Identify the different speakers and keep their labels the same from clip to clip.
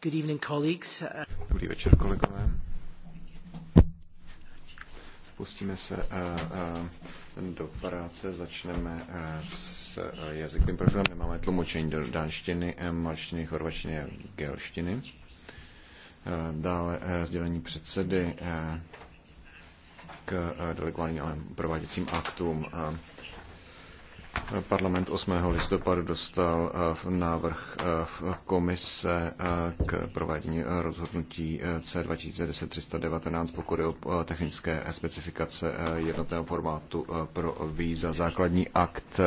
Speaker 1: Good evening, colleagues. Dobrý večer, kolegové. Pustíme se eh, eh, do práce, začneme eh, s jazykovým profilem. Máme tlumočení do dánštiny, malštiny, chorvačtiny a gelštiny. Dále sdělení předsedy k delegovaným prováděcím aktům. Parlament 8. listopadu dostal eh, návrh eh, komise eh, k provádění rozhodnutí C2010-319, pokud je o technické specifikace jednotného formátu pro víza. Základní akt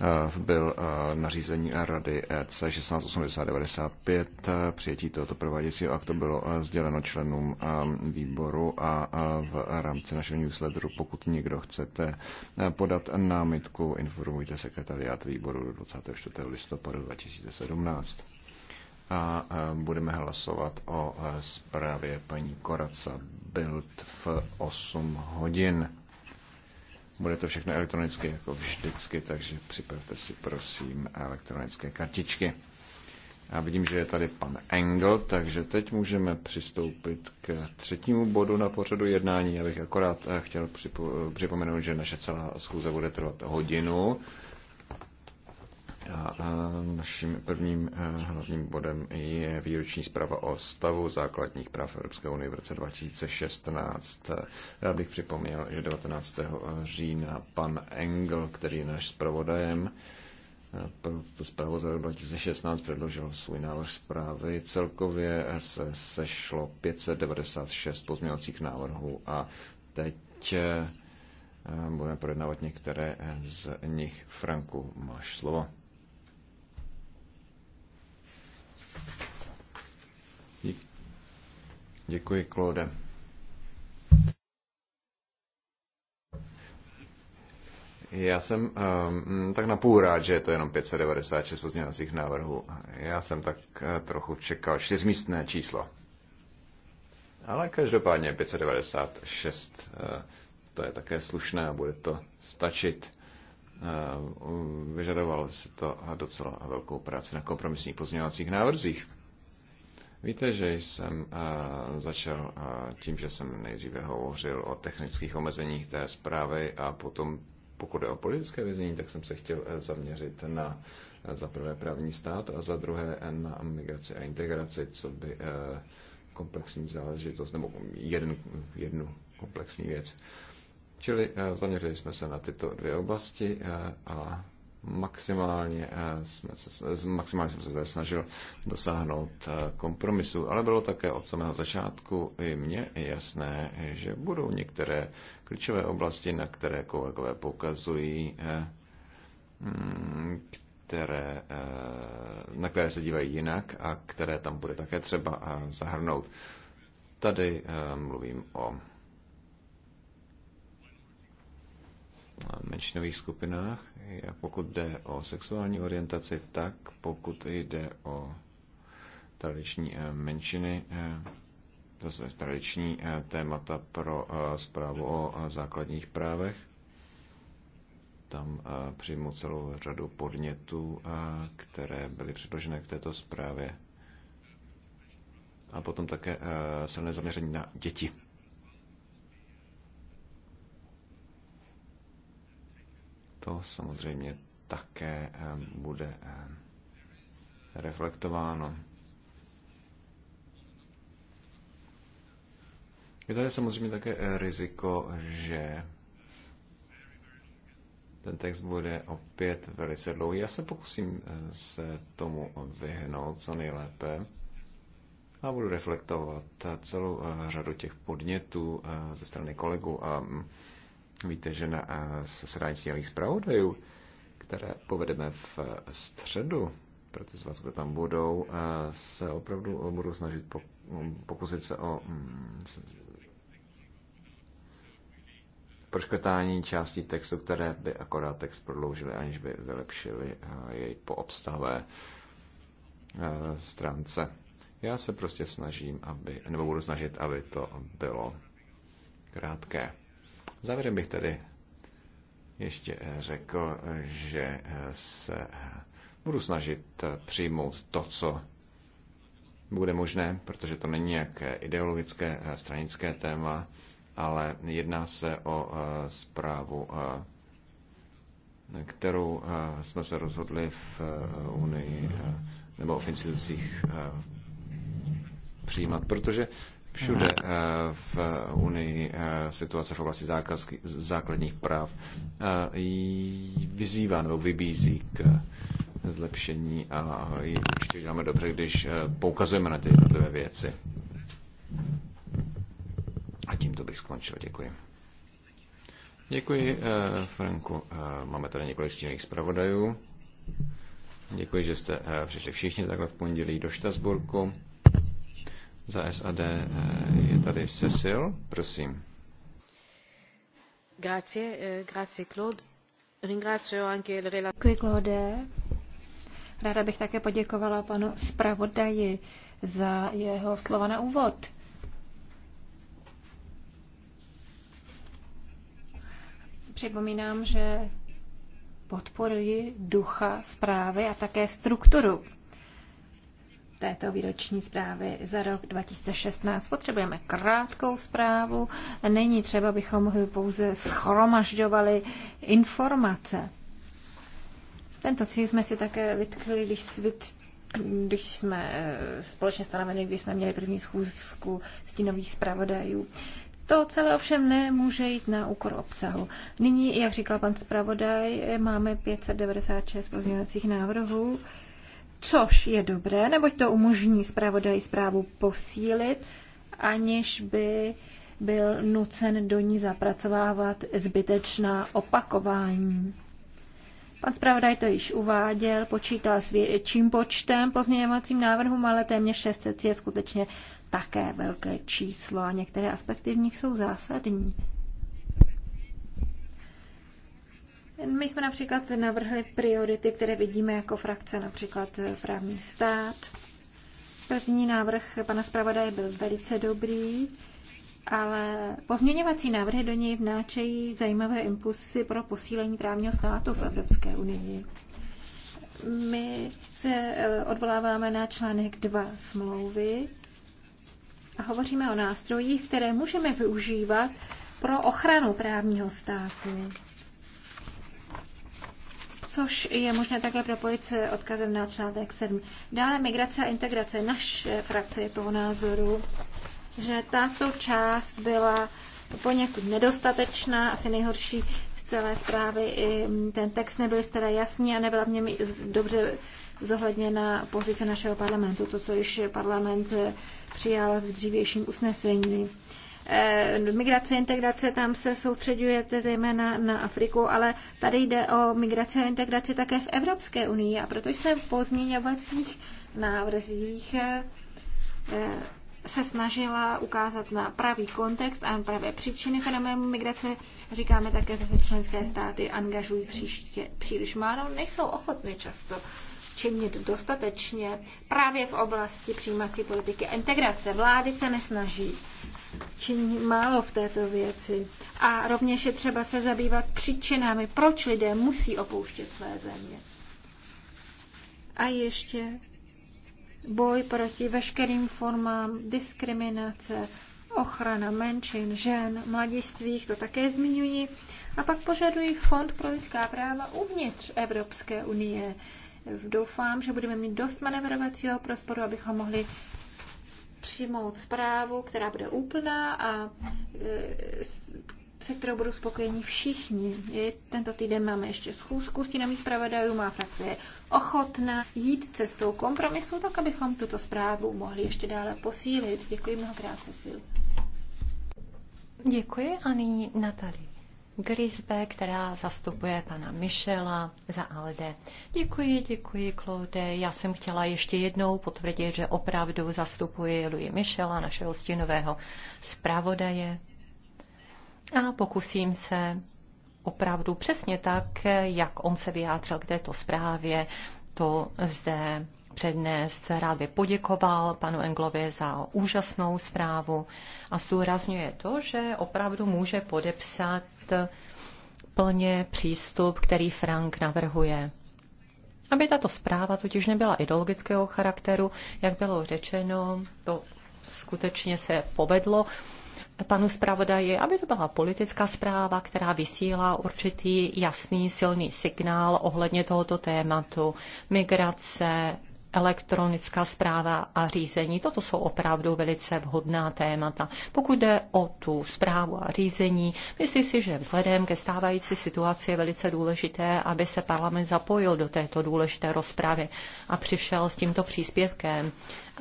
Speaker 1: Eh, byl eh, nařízení Rady EC 1680-95. Eh, přijetí tohoto prováděcího aktu bylo sděleno členům výboru a v rámci našeho newsletteru, pokud někdo chcete podat námitku, informujte sekretariát výboru do 24. listopadu 2017. A budeme hlasovat o zprávě paní Koraca Bild v 8 hodin. Bude to všechno elektronicky, jako vždycky, takže připravte si prosím elektronické kartičky. Já vidím, že je tady pan Engel, takže teď můžeme přistoupit k třetímu bodu na pořadu jednání. Já bych akorát eh, chtěl připomenout, že naše celá schůze bude trvat hodinu. A naším prvním eh, hlavním bodem je výroční zpráva o stavu základních práv Evropské unie v roce 2016. Já eh, bych připomněl, že 19. Eh, října pan Engel, který je náš zpravodajem, pro tu zprávu za rok 2016 předložil svůj návrh zprávy. Celkově se sešlo 596 pozměňovacích návrhů a teď budeme projednávat některé z nich. Franku, máš slovo. Děkuji, Claude. Já jsem um, tak napůl rád, že je to jenom 596 pozměňovacích návrhů. Já jsem tak eh, trochu čekal čtyřmístné číslo. Ale každopádně 596, eh, to je také slušné a bude to stačit. Eh, vyžadovalo se to docela velkou práci na kompromisních pozměňovacích návrzích. Víte, že jsem eh, začal eh, tím, že jsem nejdříve hovořil o technických omezeních té zprávy a potom, pokud je o politické vězení, tak jsem se chtěl eh, zaměřit na za prvé právní stát a za druhé na migraci a integraci, co by komplexní záležitost, nebo jednu, jednu komplexní věc. Čili zaměřili jsme se na tyto dvě oblasti a maximálně, eh, jsme se, eh, maximálně jsem se snažil dosáhnout eh, kompromisu, ale bylo také od samého začátku i mně jasné, že budou některé klíčové oblasti, na které kolegové poukazují, mm, které, na které se dívají jinak a které tam bude také třeba zahrnout. Tady mluvím o menšinových skupinách, jak pokud jde o sexuální orientaci, tak pokud jde o tradiční eh, menšiny, to eh, je tradiční eh, témata pro zprávu o základních právech. Tam přijmu celou řadu podnětů, které byly předložené k této zprávě. A potom také silné zaměření na děti. to samozřejmě také eh, bude eh, reflektováno. Je tady samozřejmě také eh, riziko, že ten text bude opět velice dlouhý. Já se pokusím se tomu vyhnout co nejlépe a budu reflektovat celou řadu těch podnětů ze strany kolegů a mm, Víte, že na eh, zasedání sněmových zpravodajů, které povedeme v eh, středu, pro ty z vás, kdo tam budou, eh, se opravdu budou snažit mm, pokusit se o mm, proškrtání části textu, které by akorát text prodloužily, aniž by zlepšili jej po obstavé stránce. Já se prostě snažím, aby, nebo budu snažit, aby to bylo krátké. Závěrem bych tedy ještě řekl, že se budu snažit přijmout to, co bude možné, protože to není nějaké ideologické eh, stranické téma, ale jedná se o eh, zprávu, eh, kterou jsme se rozhodli v Unii nebo v institucích přijímat, protože všude hmm. eh, v Unii eh, situace v oblasti základních práv eh, vyzývá nebo vybízí k zlepšení a určitě děláme dobře, když poukazujeme na ty jednotlivé věci. A tímto bych skončil. Děkuji. Děkuji, Franku. Máme tady několik stínových zpravodajů. Děkuji, že jste přišli všichni takhle v pondělí do Štasburku. Za SAD eh, je tady Cecil, prosím.
Speaker 2: Grazie, eh, grazie Claude. Ringrazio anche il relatore. Claude. Ráda bych také poděkovala panu zpravodaji za jeho slova na úvod. Připomínám, že podporuji ducha zprávy a také strukturu této výroční zprávy za rok 2016. Potřebujeme krátkou zprávu. Není třeba, bychom pouze schromažďovali informace. Tento cíl jsme si také vytkli, když, když jsme eh, společně stanovili, když jsme měli první schůzku stínových zpravodajů. To celé ovšem nemůže jít na úkor obsahu. Nyní, jak říkal pan zpravodaj, eh, máme 596 pozměňovacích návrhů což je dobré, neboť to umožní zpravodaji zprávu posílit, aniž by byl nucen do ní zapracovávat zbytečná opakování. Pan zpravodaj to již uváděl, počítal s větším počtem pozměňovacím návrhům, ale téměř 600 je skutečně také velké číslo a některé aspekty v nich jsou zásadní. My jsme například navrhli priority, které vidíme jako frakce, například eh, právní stát. První návrh pana zpravodaje byl velice dobrý, ale pozměňovací návrhy do něj vnáčejí zajímavé impulsy pro posílení právního státu v Evropské unii. My se eh, odvoláváme na článek 2 smlouvy a hovoříme o nástrojích, které můžeme využívat pro ochranu právního státu což je možné také propojit s odkazem na článek 7. Dále migrace a integrace. Naše frakce je toho názoru, že tato část byla poněkud nedostatečná, asi nejhorší z celé zprávy. Ten text nebyl teda jasný a nebyla v něm dobře zohledněna pozice našeho parlamentu, to, co již parlament přijal v dřívějším usnesení. Eh, migrace, integrace, tam se soustředujete zejména na Afriku, ale tady jde o migrace a integraci také v Evropské unii a protože jsem v pozměňovacích návrzích eh, eh, se snažila ukázat na pravý kontext a pravé příčiny fenoménu migrace. Říkáme také, že se členské státy angažují příště, příliš málo, nejsou ochotny často činit dostatečně právě v oblasti přijímací politiky a integrace. Vlády se nesnaží činí málo v této věci. A rovněž je třeba se zabývat příčinami, proč lidé musí opouštět své země. A ještě boj proti veškerým formám diskriminace, ochrana menšin, žen, mladistvých, to také zmiňují. A pak požadují Fond pro lidská práva uvnitř Evropské unie. Doufám, že budeme mít dost manevrovacího prostoru, abychom mohli přijmout zprávu, která bude úplná a e, se kterou budou spokojeni všichni. Tento týden máme ještě schůzku s tím zpravodajů, má frakce je ochotna jít cestou kompromisu, tak abychom tuto zprávu mohli ještě dále posílit. Děkuji mnohokrát, Cecil.
Speaker 3: Děkuji a nyní Natalie. Grisbe, která zastupuje pana Michela za ALDE. Děkuji, děkuji, Claude. Já jsem chtěla ještě jednou potvrdit, že opravdu zastupuji Louis Michela, našeho stínového zpravodaje. A pokusím se opravdu přesně tak, jak on se vyjádřil k této zprávě, to zde přednést. Rád by poděkoval panu Englovi za úžasnou zprávu a zdůrazňuje to, že opravdu může podepsat plně přístup, který Frank navrhuje. Aby tato zpráva totiž nebyla ideologického charakteru, jak bylo řečeno, to skutečně se povedlo panu zpravodaji, aby to byla politická zpráva, která vysílá určitý jasný, silný signál ohledně tohoto tématu migrace, elektronická zpráva a řízení. Toto jsou opravdu velice vhodná témata. Pokud jde o tu zprávu a řízení, myslím si, že vzhledem ke stávající situaci je velice důležité, aby se parlament zapojil do této důležité rozpravy a přišel s tímto příspěvkem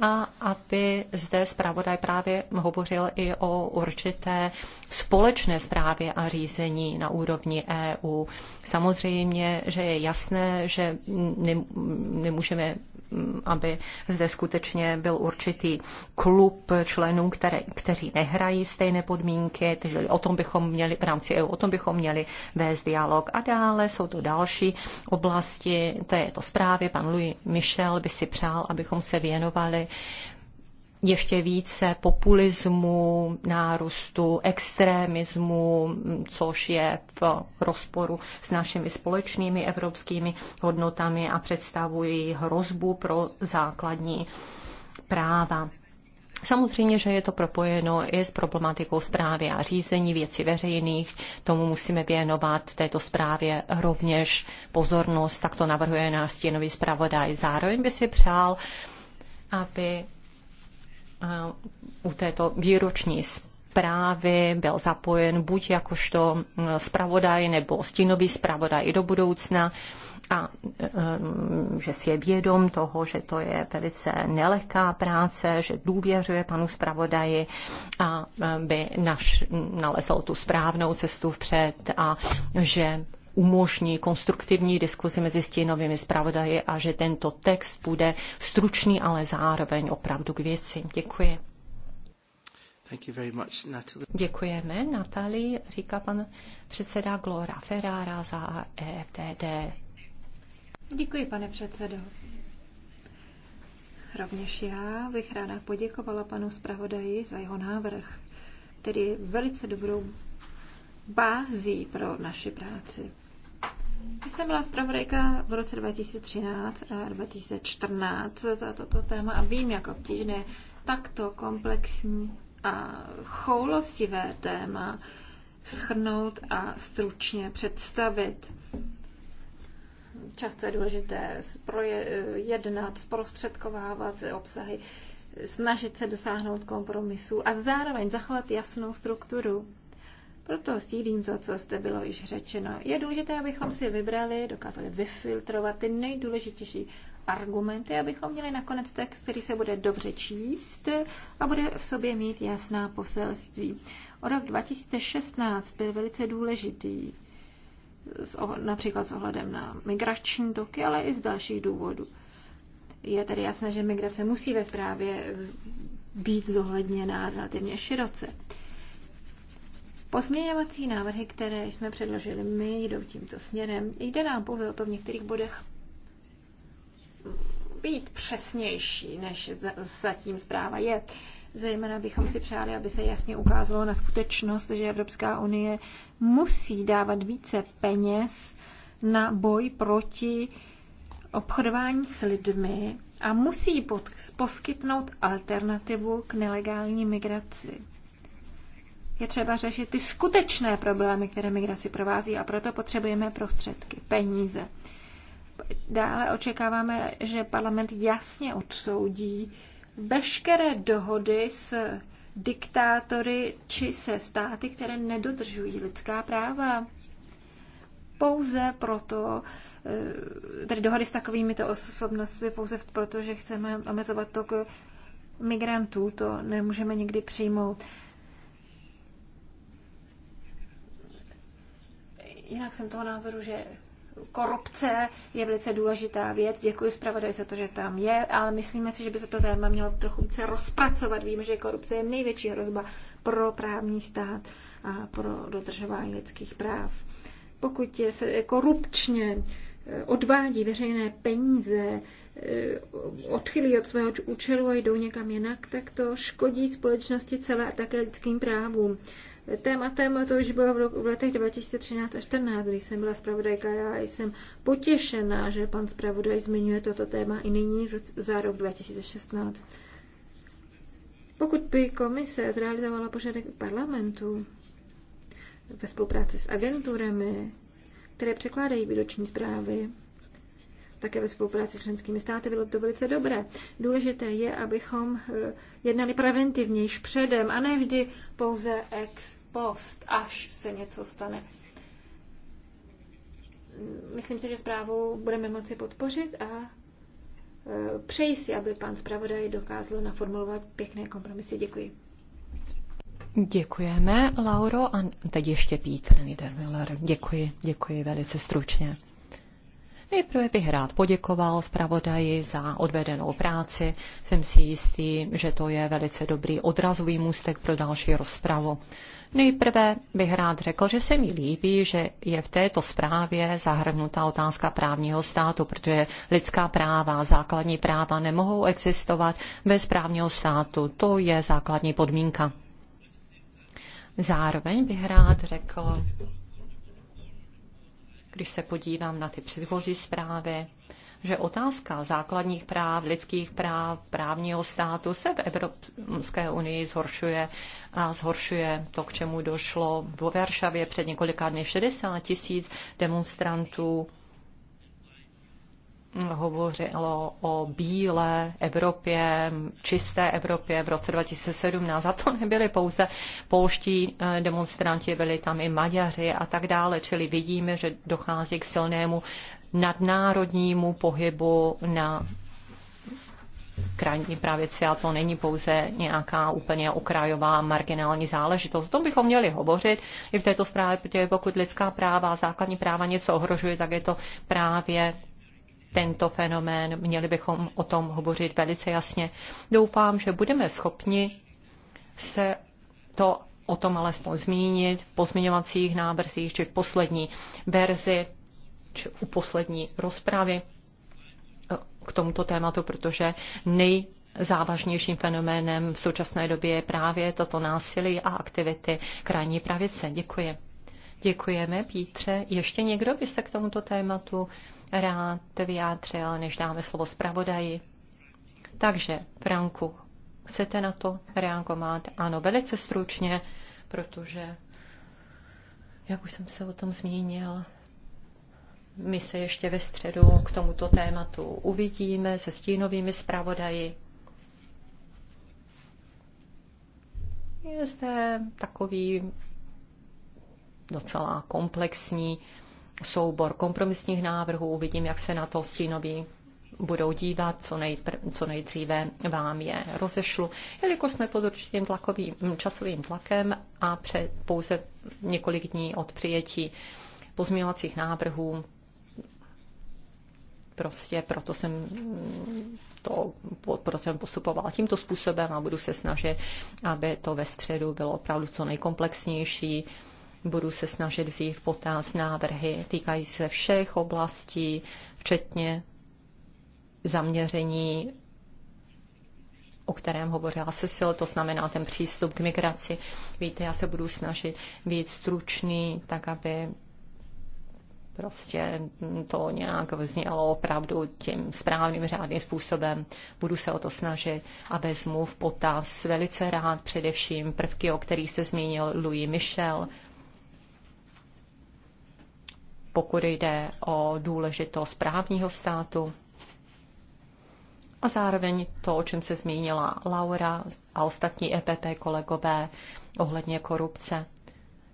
Speaker 3: a aby zde zpravodaj právě hovořil i o určité společné zprávě a řízení na úrovni EU. Samozřejmě, že je jasné, že nemůžeme aby zde skutečně byl určitý klub členů, které, kteří nehrají stejné podmínky, takže o tom bychom měli v rámci EU, o tom bychom měli vést dialog. A dále jsou to další oblasti, to je to zprávy, pan Louis Michel by si přál, abychom se věnovali uh, ještě více populismu, nárůstu extremismu, což je v rozporu s našimi společnými evropskými hodnotami a představují hrozbu pro základní práva. Samozřejmě, že je to propojeno i s problematikou zprávy a řízení věcí veřejných. Tomu musíme věnovat této zprávě rovněž pozornost, tak to navrhuje na stěnový zpravodaj. Zároveň by si přál, aby u této výroční zprávy byl zapojen buď jakožto eh, zpravodaj nebo stínový zpravodaj do budoucna a eh, že si je vědom toho, že to je velice nelehká práce, že důvěřuje panu zpravodaji a eh, by naš, nalezl tu správnou cestu vpřed a že umožní konstruktivní diskuzi mezi stínovými zpravodaji a že tento text bude stručný, ale zároveň opravdu k věci. Děkuji. Thank you very much, Natalie. Děkujeme, Natali, říká pan předseda Glora Ferrara za EFDD.
Speaker 2: Děkuji, pane předsedo. Rovněž já bych ráda poděkovala panu zpravodaji za jeho návrh, který je velice dobrou bází pro naši práci. Když jsem byla zpravodajka v roce 2013 a 2014 za toto téma a vím, jak obtížné takto komplexní a choulostivé téma schrnout a stručně představit. Často je důležité jednat, zprostředkovávat obsahy, snažit se dosáhnout kompromisu a zároveň zachovat jasnou strukturu. Proto sdílím to, co jste bylo již řečeno. Je důležité, abychom si vybrali, dokázali vyfiltrovat ty nejdůležitější argumenty, abychom měli nakonec text, který se bude dobře číst a bude v sobě mít jasná poselství. O rok 2016 byl velice důležitý, například s ohledem na migrační toky, ale i z dalších důvodů. Je tedy jasné, že migrace musí ve zprávě být zohledněná relativně široce. Pozměňovací návrhy, které jsme předložili my, jdou tímto směrem. Jde nám pouze o to v některých bodech být přesnější, než zatím zpráva je. Zejména bychom si přáli, aby se jasně ukázalo na skutečnost, že Evropská unie musí dávat více peněz na boj proti obchodování s lidmi a musí poskytnout alternativu k nelegální migraci je třeba řešit ty skutečné problémy, které migraci provází a proto potřebujeme prostředky, peníze. Dále očekáváme, že parlament jasně odsoudí veškeré dohody s diktátory či se státy, které nedodržují lidská práva. Pouze proto, eh, tedy dohody s takovými to osobnostmi, pouze proto, že chceme omezovat tok migrantů, to nemůžeme nikdy přijmout. jinak jsem toho názoru, že korupce je velice důležitá věc. Děkuji zpravodaj za to, že tam je, ale myslíme si, že by se to téma mělo trochu více rozpracovat. Víme, že korupce je největší hrozba pro právní stát a pro dodržování lidských práv. Pokud se korupčně eh, odvádí veřejné peníze, eh, odchylí od svého účelu a jdou někam jinak, tak to škodí společnosti celé a také lidským právům tématem, to už bylo v letech 2013 a 2014, když jsem byla zpravodajka. Já jsem potěšená, že pan zpravodaj zmiňuje toto téma i nyní za rok 2016. Pokud by komise zrealizovala požadavek parlamentu ve spolupráci s agenturemi, které překládají výroční zprávy, také ve spolupráci s členskými státy, bylo to velice dobré. Důležité je, abychom eh, jednali preventivně již předem a ne vždy pouze ex post, až se něco stane. Myslím si, že zprávu budeme moci podpořit a eh, přeji si, aby pan zpravodaj dokázal naformulovat pěkné kompromisy. Děkuji.
Speaker 3: Děkujeme, Lauro. A teď ještě Pítr Niedermiller. Děkuji, děkuji velice stručně. Nejprve bych rád poděkoval zpravodaji za odvedenou práci. Jsem si jistý, že to je velice dobrý odrazový můstek pro další rozpravu. Nejprve bych rád řekl, že se mi líbí, že je v této zprávě zahrnuta otázka právního státu, protože lidská práva, základní práva nemohou existovat bez právního státu. To je základní podmínka. Zároveň bych rád řekl, když se podívám na ty předchozí zprávy, že otázka základních práv, lidských práv, právního státu se v Evropské unii zhoršuje a zhoršuje to, k čemu došlo v Varšavě před několika dny 60 tisíc demonstrantů hovořilo o bílé Evropě, čisté Evropě v roce 2017. A to nebyli pouze polští eh, demonstranti, byli tam i Maďaři a tak dále. Čili vidíme, že dochází k silnému nadnárodnímu pohybu na krajní pravici a to není pouze nějaká úplně okrajová marginální záležitost. O tom bychom měli hovořit i v této zprávě, protože pokud lidská práva a základní práva něco ohrožuje, tak je to právě tento fenomén. Měli bychom o tom hovořit velice jasně. Doufám, že budeme schopni se to o tom alespoň zmínit v pozměňovacích návrzích či v poslední verzi či u poslední rozpravy eh, k tomuto tématu, protože nejzávažnějším fenoménem v současné době je právě toto násilí a aktivity krajní pravice. Děkuji. Děkujeme, Pítře. Ještě někdo by se k tomuto tématu rád vyjádřil, než dáme slovo zpravodaji? Takže, Franku, chcete na to reagovat? Ano, velice stručně, protože, jak už jsem se o tom zmínil, my se ještě ve středu k tomuto tématu uvidíme se stínovými zpravodaji. Je zde takový docela komplexní soubor kompromisních návrhů. Uvidím, jak se na to stínoví budou dívat, co, nejpr- co nejdříve vám je rozešlu. Jelikož jsme pod určitým tlakovým, časovým tlakem a před pouze několik dní od přijetí pozměňovacích návrhů, prostě proto jsem to proto jsem postupovala tímto způsobem a budu se snažit, aby to ve středu bylo opravdu co nejkomplexnější Budu se snažit vzít v potaz návrhy týkají se všech oblastí, včetně zaměření, o kterém hovořila Cecil, to znamená ten přístup k migraci. Víte, já se budu snažit být stručný, tak aby prostě to nějak vznělo opravdu tím správným řádným způsobem. Budu se o to snažit a vezmu v potaz velice rád především prvky, o kterých se zmínil Louis Michel, pokud jde o důležitost právního státu. A zároveň to, o čem se zmínila Laura a ostatní EPP kolegové ohledně korupce.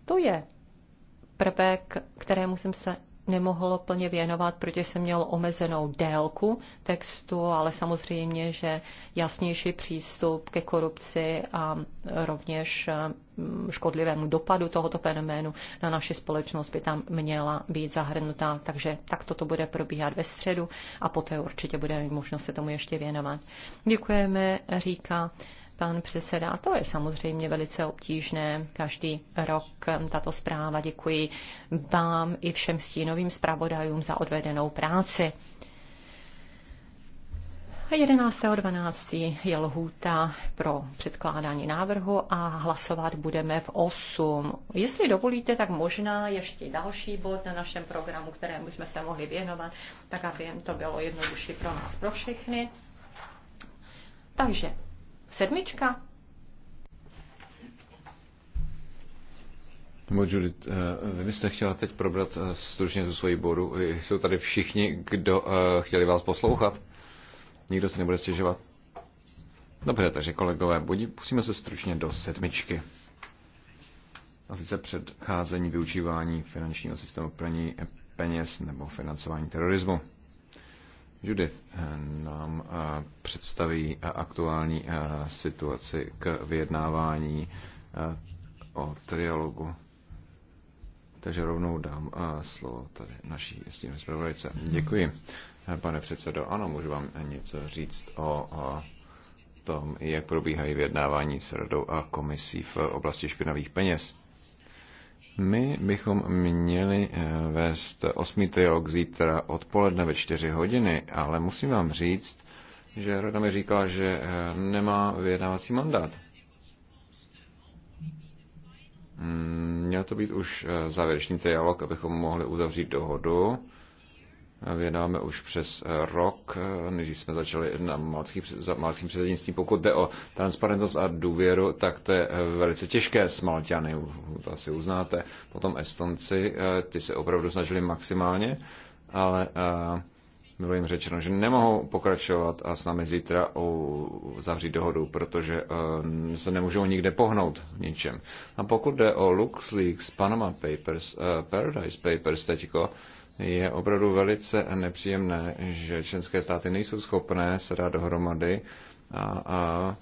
Speaker 3: To je prvek, kterému jsem se nemohl plně věnovat, protože jsem měl omezenou délku textu, ale samozřejmě, že jasnější přístup ke korupci a rovněž mm, škodlivému dopadu tohoto fenoménu na naši společnost by tam měla být zahrnutá. Takže takto to bude probíhat ve středu a poté určitě bude možnost se tomu ještě věnovat. Děkujeme, říká pan předseda. To je samozřejmě velice obtížné. Každý rok mm, tato zpráva děkuji vám i všem stínovým zpravodajům za odvedenou práci. 11.12. je lhůta pro předkládání návrhu a hlasovat budeme v 8. Jestli dovolíte, tak možná ještě další bod na našem programu, kterému jsme se mohli věnovat, tak aby to bylo jednodušší pro nás, pro všechny. Takže Sedmička.
Speaker 1: Nebo Judith, eh, vy byste chtěla teď probrat eh, stručně tu svoji bodu. Eh, jsou tady všichni, kdo chtěli vás poslouchat. Nikdo si nebude stěžovat. Dobře, takže kolegové, budí, pusíme se stručně do sedmičky. A sice předcházení využívání finančního systému plní peněz nebo financování terorismu. Judith eh, nám eh, představí eh, aktuální situaci k vyjednávání o trialogu. Takže rovnou dám slovo tady naší stínové zpravodajce. Děkuji, pane předsedo. Ano, můžu vám něco říct o tom, jak probíhají vyjednávání s radou a komisí v oblasti špinavých peněz. My bychom měli eh, vést osmý trilog zítra odpoledne ve čtyři hodiny, ale musím vám říct, že Rada mi říkala, že eh, nemá vyjednávací mandát. Hmm, měl to být už eh, závěrečný dialog, abychom mohli uzavřít dohodu vědáme už přes eh, rok, eh, než jsme začali na malckým předsednictvím. Pokud jde o transparentnost a důvěru, tak to je eh, velice těžké s Malťany, to asi uznáte. Potom Estonci, ty se opravdu snažili maximálně, ale bylo jim řečeno, že nemohou pokračovat a s námi zítra zavřít dohodu, protože se nemůžou nikde pohnout ničem. A pokud jde o LuxLeaks, Panama Papers, Paradise Papers teďko, je opravdu velice nepříjemné, že členské státy nejsou schopné se dát dohromady a, a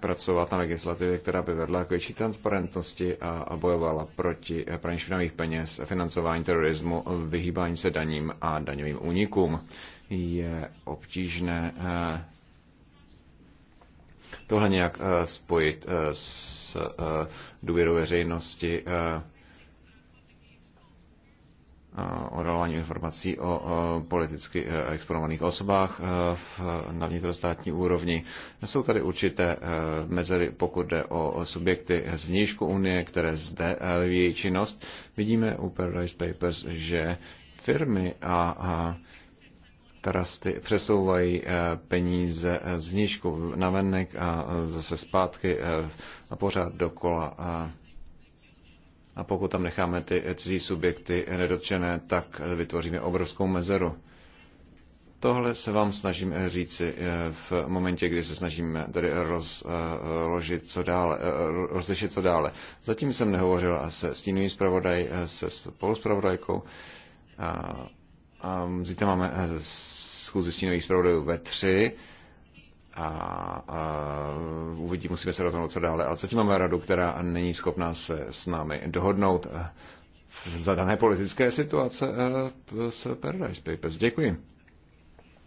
Speaker 1: pracovat na legislativě, která by vedla k větší transparentnosti a, a bojovala proti praní špinavých peněz, financování terorismu, vyhýbání se daním a daňovým únikům. Je obtížné eh, tohle nějak eh, spojit eh, s důvěrou veřejnosti odhalování informací o politicky e, exponovaných osobách e, na vnitrostátní úrovni. Jsou tady určité e, mezery, pokud jde o subjekty z vnějšku Unie, které zde vyvíjí činnost. Vidíme u Paradise Papers, že firmy a trusty přesouvají peníze z vnějšku venek a zase zpátky a pořád dokola. A a pokud tam necháme ty cizí subjekty nedotčené, tak vytvoříme obrovskou mezeru. Tohle se vám snažím eh, říci eh, v momentě, kdy se snažíme eh, tady rozložit co dále, rozlišit co dále. Zatím jsem nehovořila se stínovým zpravodaj, se spoluzpravodajkou. A, a zítra máme schůzi stínových zpravodajů ve tři a, a uvidí, musíme se rozhodnout, co dále. Ale zatím máme radu, která není schopná se s námi dohodnout eh, v zadané politické situace eh, s Paradise Papers. Děkuji.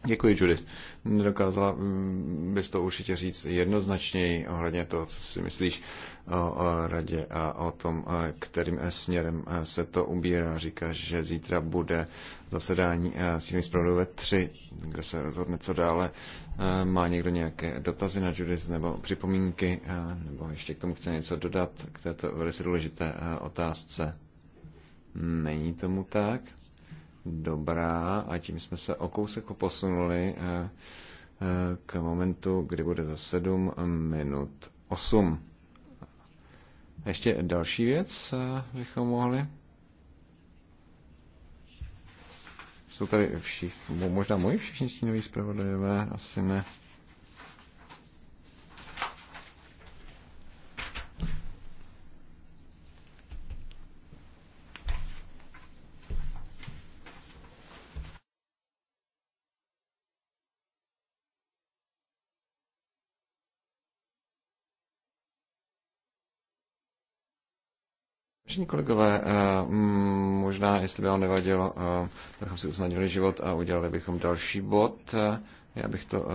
Speaker 1: Děkuji, Judith. Nedokázala mm, bys to určitě říct jednoznačněji ohledně toho, co si myslíš o, o radě a o tom, eh, kterým směrem se to ubírá. Říká, že zítra bude zasedání s tím ve tři, kde se rozhodne, co dále. Eh, má někdo nějaké dotazy na Judith nebo připomínky, eh, nebo ještě k tomu chce něco dodat k této velice důležité eh, otázce? Není tomu tak. Dobrá, a tím jsme se o kousek posunuli k momentu, kdy bude za 7 minut 8. Ještě další věc bychom mohli. Jsou tady všichni, možná moji všichni stínoví zpravodajové, asi ne. Vážení kolegové, eh, možná, jestli by vám nevadilo, eh, bychom si usnadnili život a udělali bychom další bod. Eh, já bych to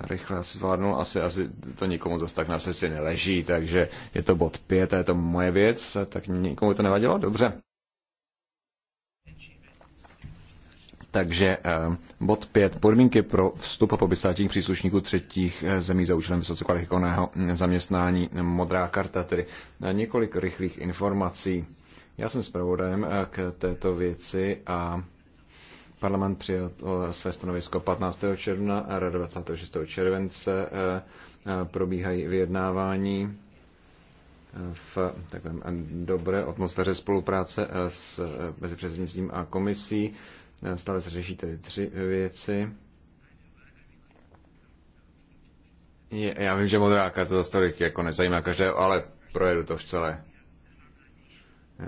Speaker 1: rychle asi zvládnul, asi, asi to nikomu zase tak na sesi neleží, takže je to bod 5 a je to moje věc, tak nikomu to nevadilo? Dobře. Takže eh, bod 5. Podmínky pro vstup a pobyt státních příslušníků třetích eh, zemí za účelem vysoce kvalifikovaného zaměstnání. Modrá karta, tedy eh, několik rychlých informací. Já jsem zpravodajem k této věci a parlament přijal své stanovisko 15. června a 26. července probíhají vyjednávání v takovém dobré atmosféře spolupráce s, mezi předsednictvím a komisí. Stále se řeší tři věci. Je, já vím, že modrá karta za stolik jako nezajímá každého, ale projedu to v celé.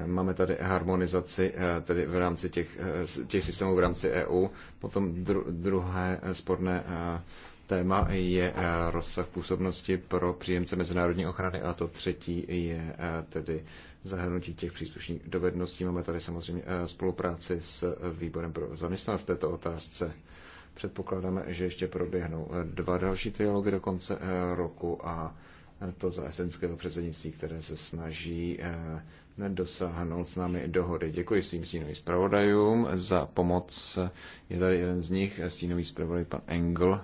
Speaker 1: Máme tady harmonizaci eh, tedy v rámci těch, eh, těch systémů v rámci EU. Potom dru, druhé sporné eh, téma je eh, rozsah působnosti pro příjemce mezinárodní ochrany a to třetí je eh, tedy zahrnutí těch příslušných dovedností. Máme tady samozřejmě eh, spolupráci s výborem pro zaměstnanost v této otázce. Předpokládáme, že ještě proběhnou dva další trialogy do konce roku a to za esenského předsednictví, které se snaží dosáhnout s námi dohody. Děkuji svým stínovým zpravodajům za pomoc. Je tady jeden z nich, stínový zpravodaj pan Engel,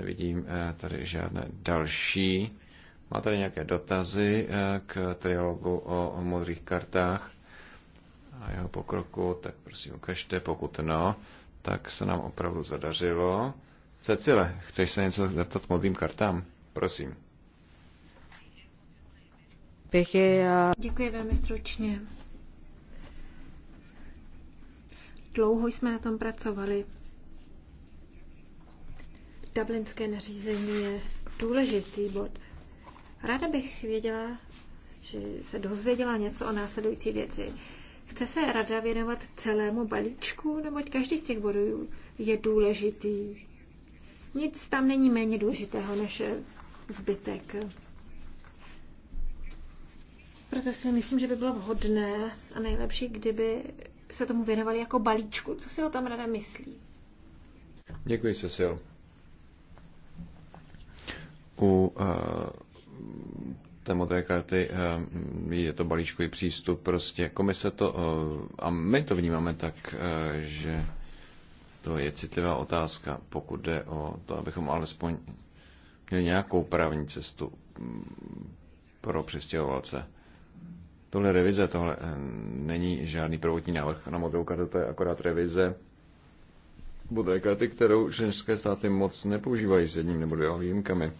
Speaker 1: Nevidím eh, tady žádné další. Má tady nějaké dotazy eh, k trialogu o modrých kartách a jeho pokroku, tak prosím ukažte, pokud no, tak se nám opravdu zadařilo. Cecile, chceš se něco zeptat modrým kartám? Prosím. Pěchy a...
Speaker 2: Děkuji velmi stručně. Dlouho jsme na tom pracovali. Dublinské nařízení je důležitý bod. Ráda bych věděla, či se dozvěděla něco o následující věci. Chce se rada věnovat celému balíčku, neboť každý z těch bodů je důležitý. Nic tam není méně důležitého než zbytek. Proto si myslím, že by bylo vhodné a nejlepší, kdyby se tomu věnovali jako balíčku. Co si o tom rada myslí?
Speaker 1: Děkuji, Cecil. U eh, té modré karty eh, je to balíčkový přístup. Prostě komise jako to, eh, a my to vnímáme tak, že to je citlivá otázka, pokud jde o to, abychom alespoň měli nějakou právní cestu mm, pro přistěhovalce. Tohle revize, tohle není žádný prvotní návrh na modrou kartu, to je akorát revize modré karty, kterou členské státy moc nepoužívají s jedním nebo dvěma výjimkami.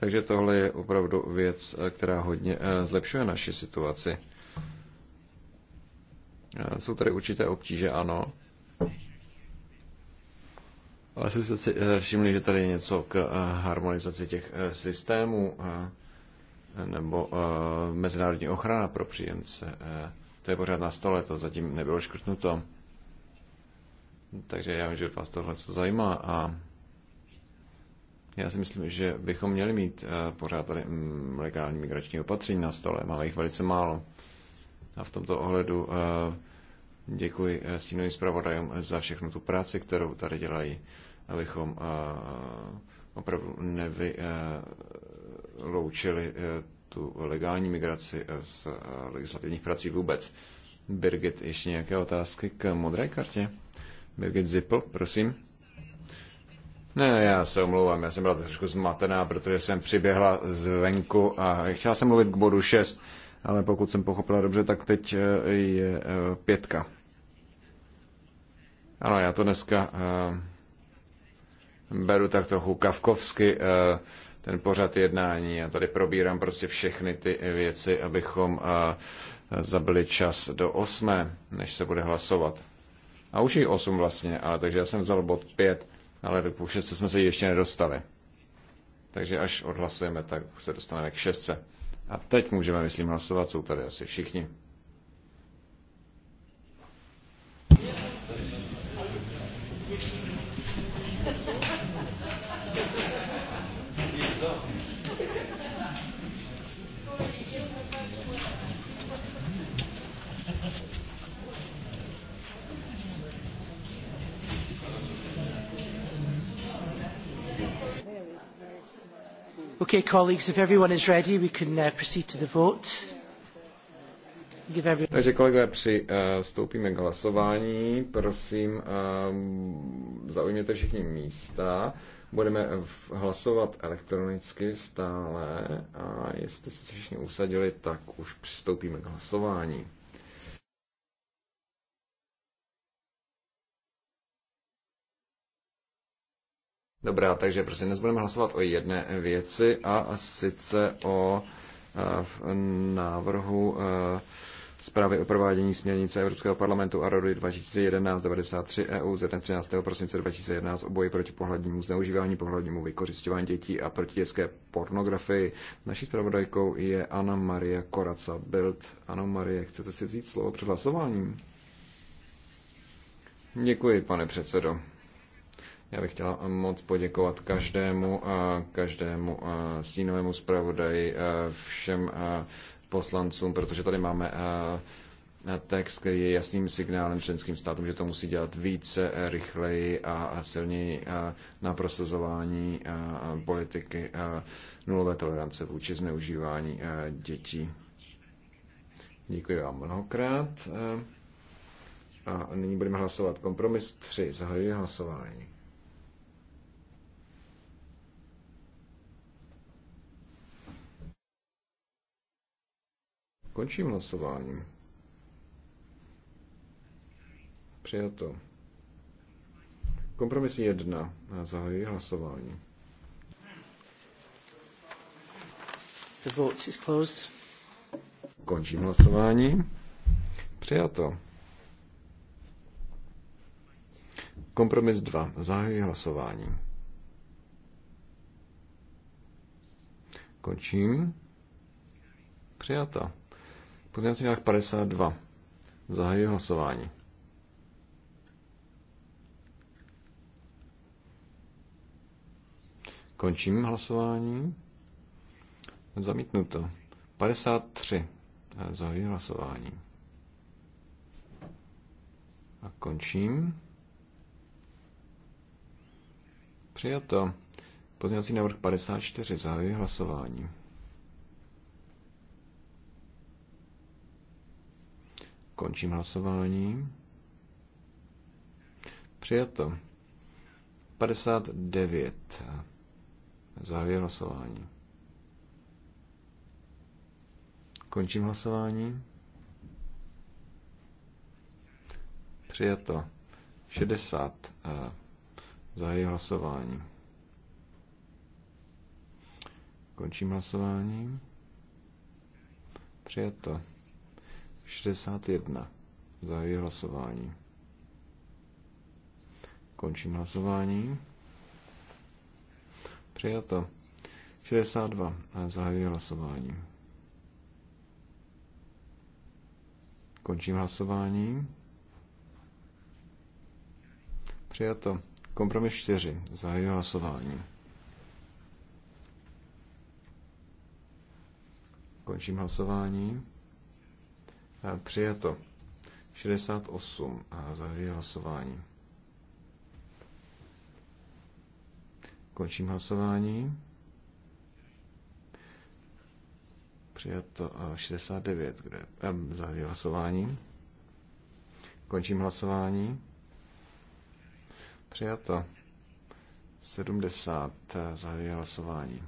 Speaker 1: Takže tohle je opravdu věc, která hodně eh, zlepšuje naši situaci. Eh, jsou tady určité obtíže, ano. Ale jsme si eh, všimli, že tady je něco k harmonizaci těch systémů nebo mezinárodní ochrana pro příjemce. To je pořád na stole, to zatím nebylo škrtnuto. Takže já vím, že vás tohle co zajímá a já si myslím, že bychom měli mít eh, pořád tady mm, legální migrační opatření na stole. Máme jich velice málo. A v tomto ohledu eh, děkuji eh, stínovým zpravodajům za všechnu tu práci, kterou tady dělají, abychom opravdu nevyloučili tu legální migraci z legislativních prací vůbec. Birgit, ještě nějaké otázky k modré kartě? Birgit Zippel, prosím. Ne, ne, já se omlouvám, já jsem byla trošku zmatená, protože jsem přiběhla zvenku a chtěla jsem mluvit k bodu 6, ale pokud jsem pochopila dobře, tak teď eh, je eh, pětka. Ano, já to dneska eh, beru tak trochu kavkovsky ten pořad jednání. Já tady probírám prostě všechny ty věci, abychom zabili čas do 8, než se bude hlasovat. A už je osm vlastně, ale takže já jsem vzal bod pět ale do půl šestce jsme se ještě nedostali. Takže až odhlasujeme, tak se dostaneme k šestce. A teď můžeme, myslím, hlasovat, jsou tady asi všichni.
Speaker 2: Okay, colleagues, if everyone is ready, we can uh, proceed to the vote.
Speaker 1: Takže kolegové, při uh, k hlasování. Prosím, um, zaujměte všichni místa. Budeme hlasovat elektronicky stále a jestli se všichni usadili, tak už přistoupíme k hlasování. Dobrá, takže prostě dnes budeme hlasovat o jedné věci a sice o eh, návrhu eh, zprávy o provádění směrnice Evropského parlamentu a rady 2011-93 EU ze dne 13. prosince 2011 o boji proti pohlednímu zneužívání, pohlednímu vykořišťování dětí a proti dětské pornografii. Naší zpravodajkou je Anna Maria Koraca Bild. Anna Marie, chcete si vzít slovo před hlasováním? Děkuji, pane předsedo. Já bych chtěla moc poděkovat každému, každému stínovému zpravodaji, všem poslancům, protože tady máme text, který je jasným signálem členským státům, že to musí dělat více, rychleji a silněji na prosazování politiky nulové tolerance vůči zneužívání dětí. Děkuji vám mnohokrát. A nyní budeme hlasovat kompromis 3. Zahajuji hlasování. Končím hlasováním. Přijato. Kompromis 1. Zahajuji hlasování. The vote is closed. Končím hlasování. Přijato. Kompromis 2. Zahajuji hlasování. Končím. Přijato. Pozměňovací návrh 52. Zahajuji hlasování. Končím hlasování. Zamítnuto. 53. Zahajuji hlasování. A končím. Přijato. Pozměňovací návrh 54. Zahajuji hlasování. Končím hlasování. Přijato. 59. Zahajuji hlasování. Končím hlasování. Přijato. 60. Zahajuji hlasování. Končím hlasování. Přijato. 61. Zahajuji hlasování. Končím hlasování. Přijato. 62. Zahajuji hlasování. Končím hlasování. Přijato. Kompromis 4. Zahajuji hlasování. Končím hlasování. Přijato. 68. a Zahajuji hlasování. Končím hlasování. Přijato 69, kde eh, zahajuji hlasování. Končím hlasování. Přijato 70, zahajuji hlasování.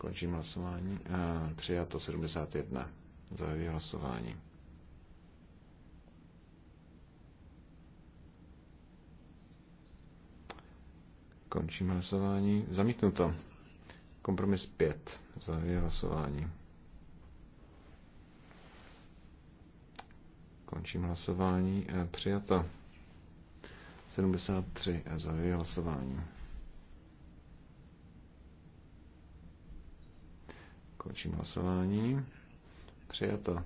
Speaker 1: Končím hlasování. A, to 71. Zahajuji hlasování. Končím hlasování. Zamítnuto. Kompromis 5. Zahajuji hlasování. Končím hlasování. Eh, přijato. 73. Zahajuji hlasování. Končím hlasování. Přijato.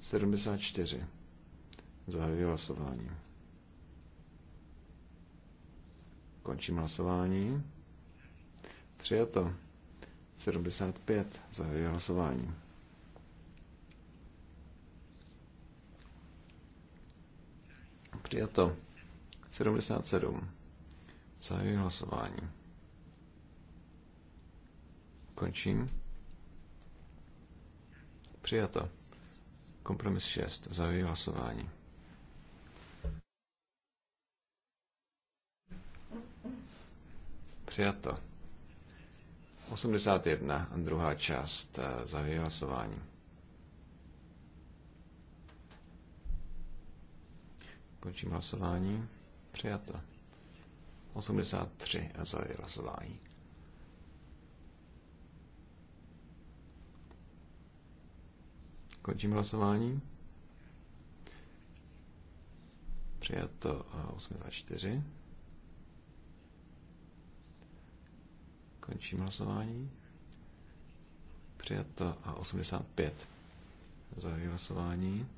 Speaker 1: 74. Zahajuji hlasování. Končím hlasování. Přijato. 75. Zahajuji hlasování. Přijato. 77. Zahajuji hlasování. Končím. Přijato. Kompromis 6. Zahajuji hlasování. Přijato. 81. Druhá část. Zahajuji hlasování. Končím hlasování. Přijato. 83. Zahajuji hlasování. Končím hlasování. Přijato 84. Eh, Končím hlasování. Přijato 85. Eh, Zahajuji hlasování.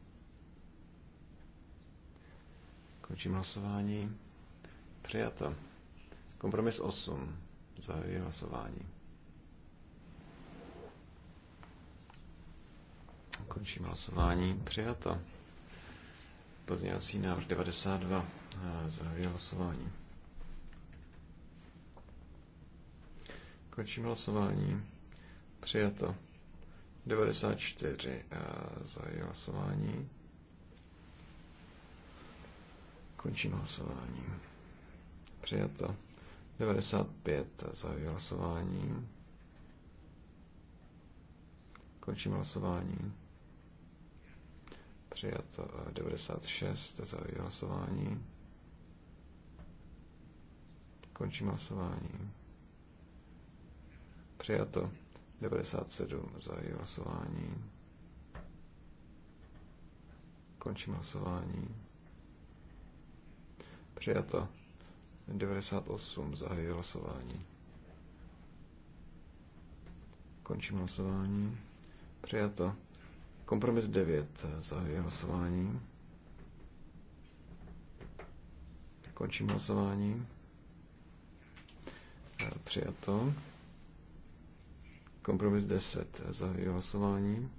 Speaker 1: Končím hlasování. Přijato. Kompromis 8. Zahajuji hlasování. Končím hlasování. Přijato. Pozměňovací návrh 92. Zahajuji hlasování. Končím hlasování. Přijato. 94 zahajuji hlasování. Končím hlasování. Přijato. 95 zahajuji hlasování. Končím hlasování. Přijato 96, eh, za hlasování. Končím hlasování. Přijato 97, za hlasování. Končím hlasování. Přijato 98, za hlasování. Končím hlasování. Přijato Kompromis 9. Zahajuji hlasování. Končím hlasování. Přijato. Kompromis 10. Zahajuji hlasování.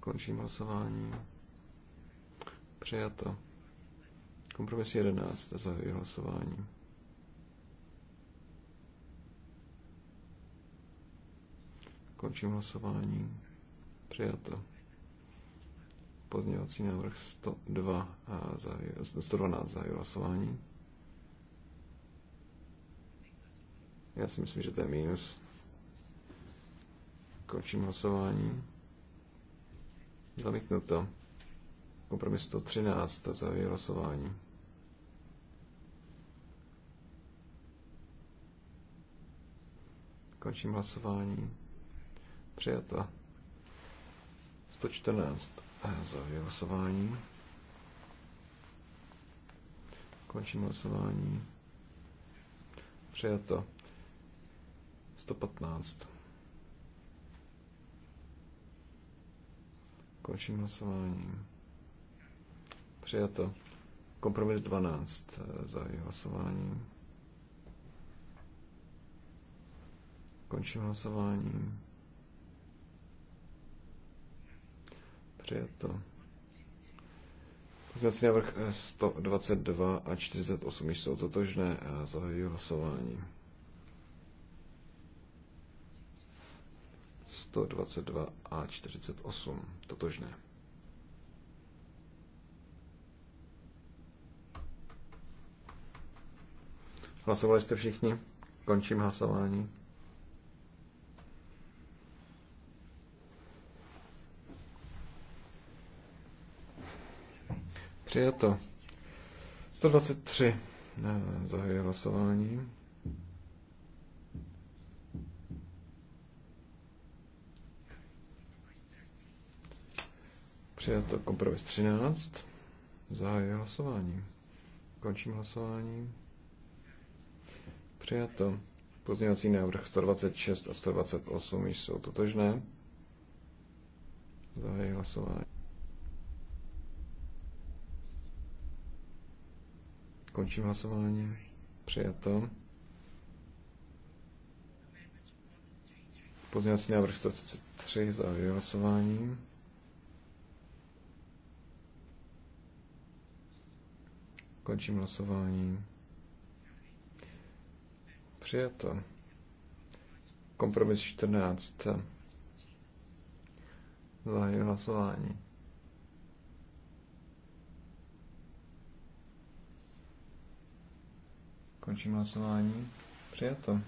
Speaker 1: Končím hlasování. Přijato. Kompromis 11. Zahajuji hlasování. Končím hlasování. Přijato. Pozměňovací návrh 102 a zahaj, 112 zahajuje hlasování. Já si myslím, že to je mínus. Končím hlasování. Zamítnuto. Kompromis 113 a zahajuje hlasování. Končím hlasování. Přijato. 114. za hlasování. Končím hlasování. Přijato. 115. Končím hlasování. Přijato. Kompromis 12. za hlasování. Končím hlasování. Přijato. Pozměnací návrh 122 e a 48 jsou totožné. Zahajuji hlasování. 122 a 48 totožné. Hlasovali jste všichni? Končím hlasování. Přijato. 123. Eh, zahajuji hlasování. Přijato kompromis 13. Zahajuji hlasování. Končím hlasování. Přijato. Pozměňovací návrh 126 a 128 jsou totožné. Zahajuji hlasování. Končím hlasování. Přijato. Pozměňovací návrh 133 za hlasování. Končím hlasování. Přijato. Kompromis 14. Zahajuji hlasování. Končím hlasování. Přijato.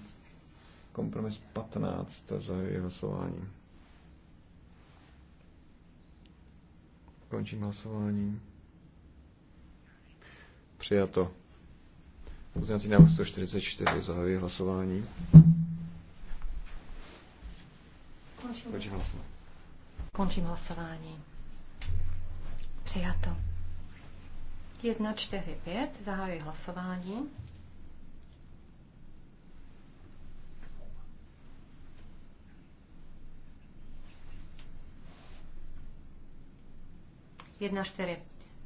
Speaker 1: Kompromis 15. za hlasování. Končím hlasování. Přijato. Pozměňovací návrh 144. Zahajuji hlasování. Končím, Končím hlasování.
Speaker 3: Končím hlasování. Přijato. 1, 4, 5. Zahajuji hlasování. 1.4.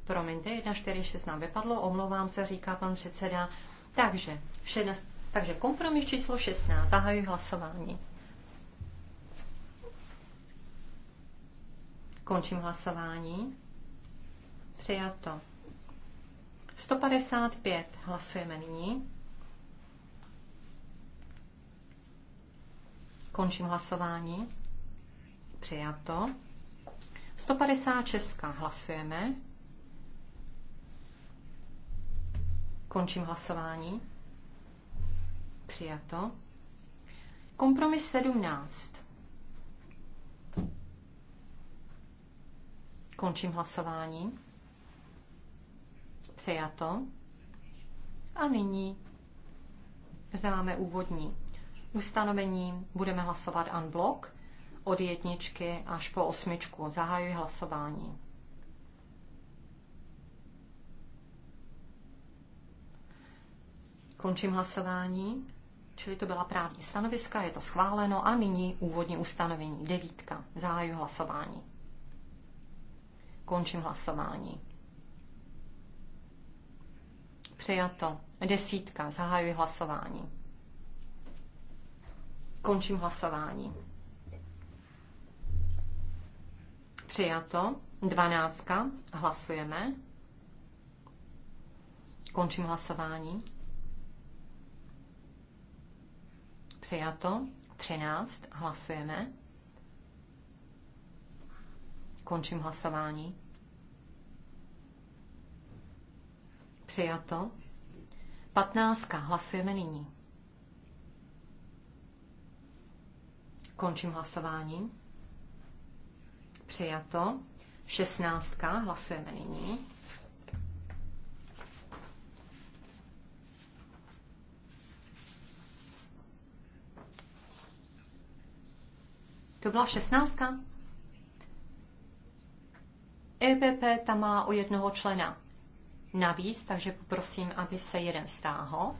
Speaker 3: Promiňte, 1.4.6 nám vypadlo, omlouvám se, říká pan předseda. Takže, 16, takže kompromis číslo 16, zahajuji hlasování. Končím hlasování. Přijato. 155 hlasujeme nyní. Končím hlasování. Přijato. 156. Hlasujeme. Končím hlasování. Přijato. Kompromis 17. Končím hlasování. Přijato. A nyní zde máme úvodní ustanovení. Budeme hlasovat unblock od jedničky až po osmičku. Zahajuji hlasování. Končím hlasování. Čili to byla právní stanoviska, je to schváleno a nyní úvodní ustanovení. Devítka. Zahajuji hlasování. Končím hlasování. Přijato. Desítka. Zahajuji hlasování. Končím hlasování. Přijato. Dvanáctka. Hlasujeme. Končím hlasování. Přijato. Třináct. Hlasujeme. Končím hlasování. Přijato. Patnáctka. Hlasujeme nyní. Končím hlasování. Přijato. Šestnáctka. Hlasujeme nyní. To byla šestnáctka? EPP tam má o jednoho člena navíc, takže poprosím, aby se jeden stáhl.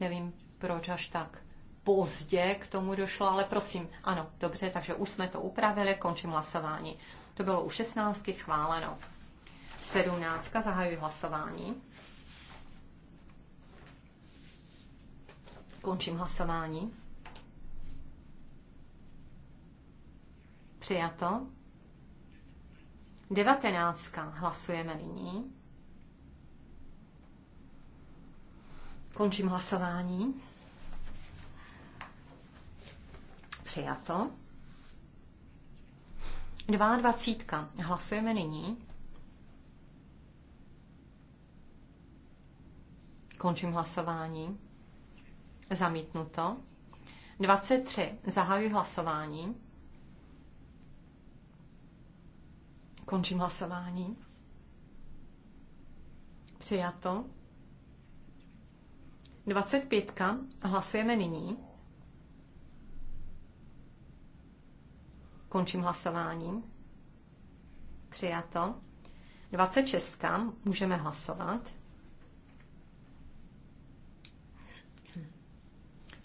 Speaker 3: Nevím, proč až tak pozdě k tomu došlo, ale prosím, ano, dobře, takže už jsme to upravili, končím hlasování. To bylo u 16 schváleno. 17 zahajuji hlasování. Končím hlasování. Přijato. 19. Hlasujeme nyní. Končím hlasování. Přijato. 22. Hlasujeme nyní. Končím hlasování. Zamítnuto. 23. Zahajuji hlasování. Končím hlasování. Přijato. 25. Hlasujeme nyní. Končím hlasování. Přijato. 26. Můžeme hlasovat.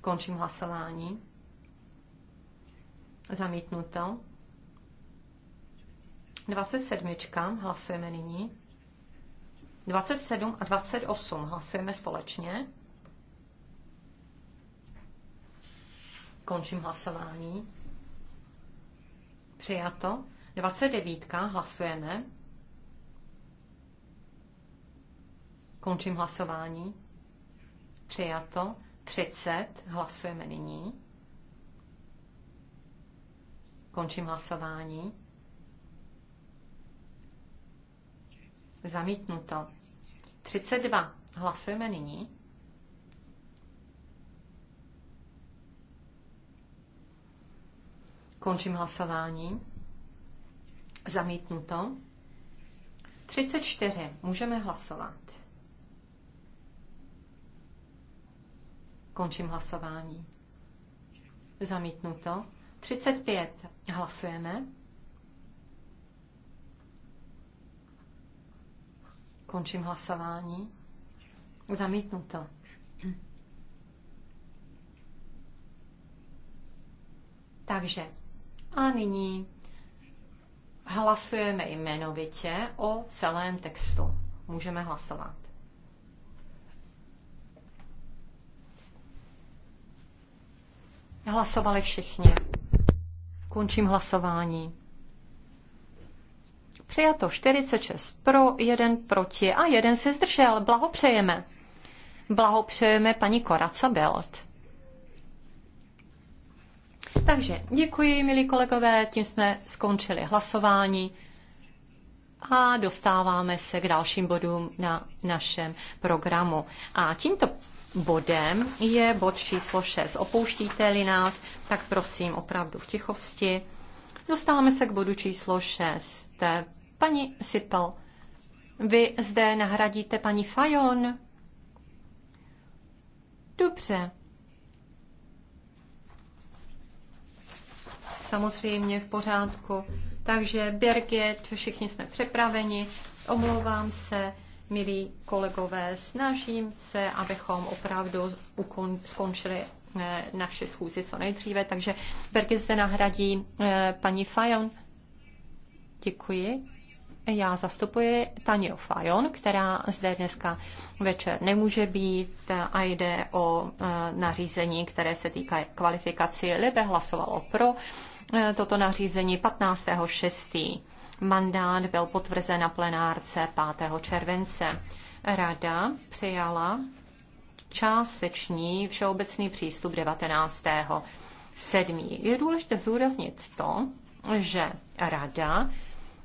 Speaker 3: Končím hlasování. Zamítnuto. 27. Hlasujeme nyní. 27 a 28 hlasujeme společně. Končím hlasování. Přijato. 29. Hlasujeme. Končím hlasování. Přijato. 30. Hlasujeme nyní. Končím hlasování. Zamítnuto. 32. Hlasujeme nyní. Končím hlasování. Zamítnuto. 34. Můžeme hlasovat. Končím hlasování. Zamítnuto. 35. Hlasujeme. Končím hlasování. Zamítnuto. Takže a nyní hlasujeme jmenovitě o celém textu. Můžeme hlasovat. Hlasovali všichni. Končím hlasování. Přijato 46 pro, jeden proti a jeden se zdržel. Blahopřejeme. Blahopřejeme paní Koraca Belt. Takže děkuji, milí kolegové, tím jsme skončili hlasování a dostáváme se k dalším bodům na našem programu. A tímto bodem je bod číslo 6. Opouštíte-li nás, tak prosím opravdu v tichosti. Dostáváme se k bodu číslo 6. Paní Sipel, vy zde nahradíte paní Fajon? Dobře. samozřejmě v pořádku. Takže Birgit, všichni jsme připraveni. Omlouvám se, milí kolegové, snažím se, abychom opravdu ukon- skončili eh, naše schůzi co nejdříve. Takže Birgit zde nahradí eh, paní Fajon. Děkuji. Já zastupuji Tanio Fajon, která zde dneska večer nemůže být a jde o eh, nařízení, které se týká kvalifikaci. Libe hlasovalo pro Eh, toto nařízení 15.6. Mandát byl potvrzen na plenárce 5. července. Rada přijala částečný všeobecný přístup 19. 7. Je důležité zúraznit to, že Rada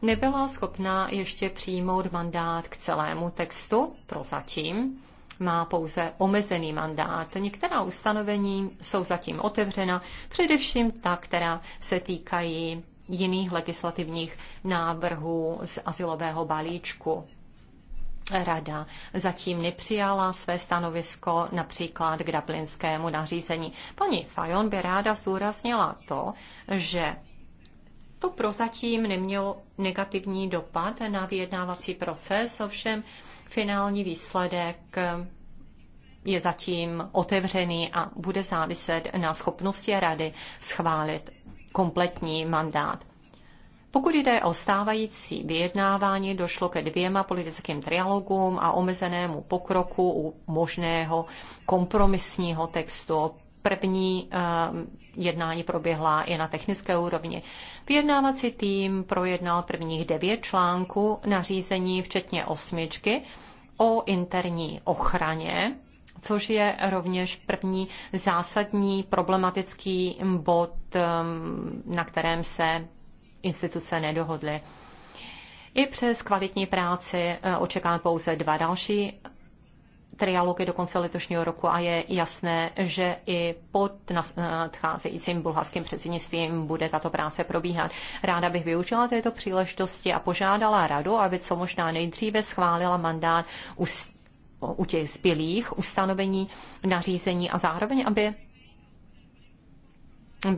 Speaker 3: nebyla schopná ještě přijmout mandát k celému textu prozatím, má pouze omezený mandát. Některá ustanovení jsou zatím otevřena, především ta, která se týkají jiných legislativních návrhů z asilového balíčku. Rada zatím nepřijala své stanovisko například k dublinskému nařízení. Paní Fajon by ráda zdůraznila to, že to prozatím nemělo negativní dopad na vyjednávací proces, ovšem Finální výsledek je zatím otevřený a bude záviset na schopnosti rady schválit kompletní mandát. Pokud jde o stávající vyjednávání, došlo ke dvěma politickým trialogům a omezenému pokroku u možného kompromisního textu. První eh, jednání proběhla i na technické úrovni. Vyjednávací tým projednal prvních devět článků nařízení, včetně osmičky, o interní ochraně což je rovněž první zásadní problematický bod, eh, na kterém se instituce nedohodly. I přes kvalitní práci eh, očekám pouze dva další trialogy do konce letošního roku a je jasné, že i pod nadcházejícím bulharským předsednictvím bude tato práce probíhat. Ráda bych využila této příležitosti a požádala radu, aby co možná nejdříve schválila mandát u, u těch zbylých ustanovení nařízení a zároveň, aby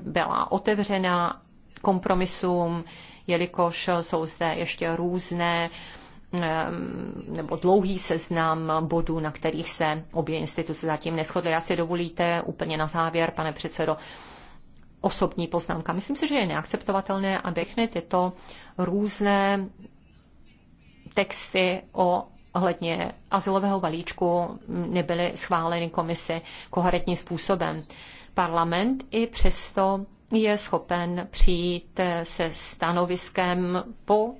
Speaker 3: byla otevřena kompromisům, jelikož jsou zde ještě různé uh, nebo dlouhý seznam bodů, na kterých se obě instituce zatím neschodly. Já si dovolíte úplně na závěr, pane předsedo, osobní poznámka. Myslím si, že je neakceptovatelné, aby všechny tyto různé texty o ohledně asilového balíčku nebyly schváleny komisi koherentním způsobem. Parlament i přesto je schopen přijít se stanoviskem po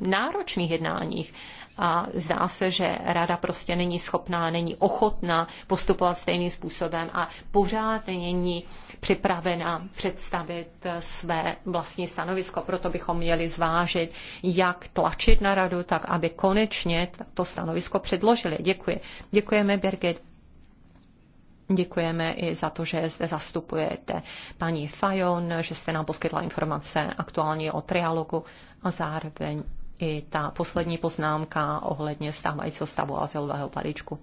Speaker 3: náročných jednáních. A zdá se, že rada prostě není schopná, není ochotná postupovat stejným způsobem a pořád není připravena představit své vlastní stanovisko. Proto bychom měli zvážit, jak tlačit na radu, tak aby konečně to stanovisko předložili. Děkuji. Děkujeme, Birgit. Děkujeme i za to, že zde zastupujete paní Fajon, že jste nám poskytla informace aktuálně o trialogu a zároveň i ta poslední poznámka ohledně stávajícího stavu azylového paličku.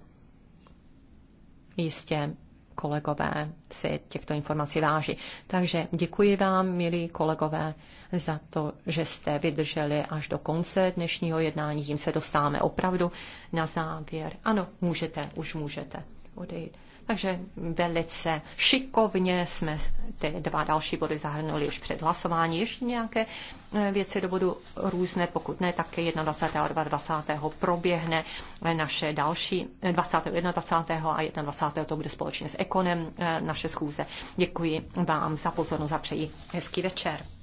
Speaker 3: Jistě kolegové si těchto informací váží. Takže děkuji vám, milí kolegové, za to, že jste vydrželi až do konce dnešního jednání. Tím se dostáváme opravdu na závěr. Ano, můžete, už můžete odejít. Takže velice šikovně jsme ty dva další body zahrnuli už před hlasování. Ještě nějaké eh, věci do bodu různé, pokud ne, tak 21. a 22. proběhne eh, naše další, 21. Eh, 21. a 21. to bude společně s Ekonem naše schůze. Děkuji vám za pozornost a přeji hezký večer.